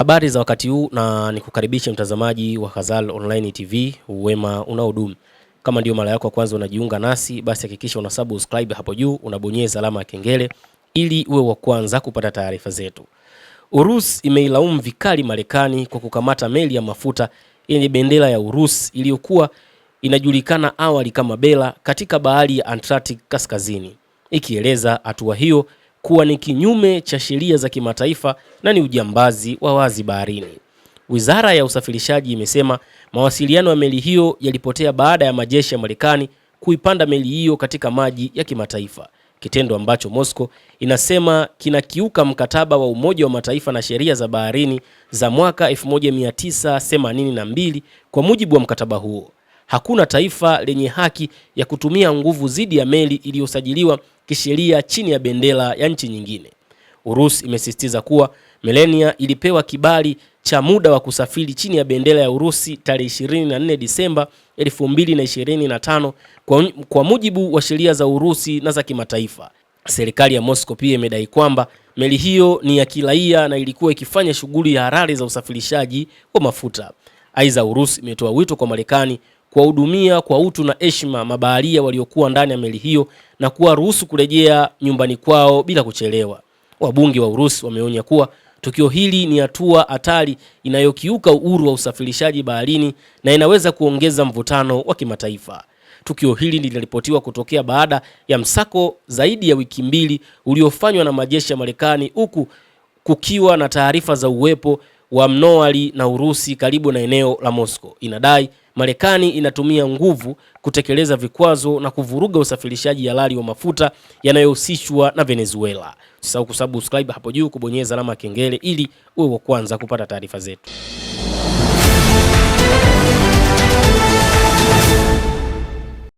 Habari za wakati huu na nikukaribisha mtazamaji wa Khazal Online TV, uwema unaodumu. Kama ndio mara yako ya kwanza unajiunga nasi, basi hakikisha una subscribe hapo juu, unabonyeza alama ya kengele ili uwe wa kwanza kupata taarifa zetu. Urusi imeilaumu vikali Marekani kwa kukamata meli ya mafuta yenye bendera ya Urusi iliyokuwa inajulikana awali kama Bela katika bahari ya Atlantic kaskazini, ikieleza hatua hiyo kuwa ni kinyume cha sheria za kimataifa na ni ujambazi wa wazi baharini. Wizara ya usafirishaji imesema mawasiliano ya meli hiyo yalipotea baada ya majeshi ya Marekani kuipanda meli hiyo katika maji ya kimataifa, kitendo ambacho Moscow inasema kinakiuka mkataba wa Umoja wa Mataifa na sheria za baharini za mwaka 1982. Kwa mujibu wa mkataba huo, hakuna taifa lenye haki ya kutumia nguvu dhidi ya meli iliyosajiliwa kisheria chini ya bendera ya nchi nyingine. Urusi imesisitiza kuwa Melania ilipewa kibali cha muda wa kusafiri chini ya bendera ya Urusi tarehe 24 Disemba 2025 kwa, kwa mujibu wa sheria za Urusi na za kimataifa. Serikali ya Moscow pia imedai kwamba meli hiyo ni ya kiraia na ilikuwa ikifanya shughuli ya halali za usafirishaji wa mafuta. Aidha, Urusi imetoa wito kwa Marekani kuwahudumia kwa utu na heshima mabaharia waliokuwa ndani ya meli hiyo na kuwaruhusu kurejea nyumbani kwao bila kuchelewa. Wabunge wa Urusi wameonya kuwa tukio hili ni hatua hatari inayokiuka uhuru wa usafirishaji baharini na inaweza kuongeza mvutano wa kimataifa. Tukio hili linaripotiwa kutokea baada ya msako zaidi ya wiki mbili uliofanywa na majeshi ya Marekani huku kukiwa na taarifa za uwepo wa Mnoali na Urusi karibu na eneo la Moscow. Inadai Marekani inatumia nguvu kutekeleza vikwazo na kuvuruga usafirishaji halali wa mafuta yanayohusishwa na Venezuela. Usisahau kusubscribe hapo juu, kubonyeza alama ya kengele ili uwe wa kwanza kupata taarifa zetu.